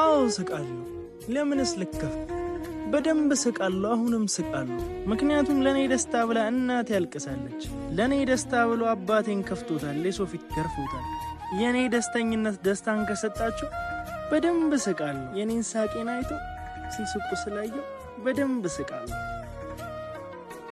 አዎ ስቃለሁ። ለምንስ ልከፍ? በደንብ ስቃለሁ። አሁንም ስቃለሁ። ምክንያቱም ለእኔ ደስታ ብላ እናት ያልቅሳለች። ለእኔ ደስታ ብሎ አባቴን ከፍቶታል፣ የሰው ገርፎታል። የእኔ ደስተኝነት ደስታን ከሰጣችሁ በደንብ ስቃለሁ። የእኔን ሳቄን አይቶ ሲስቁ ስላየው በደንብ ስቃለሁ።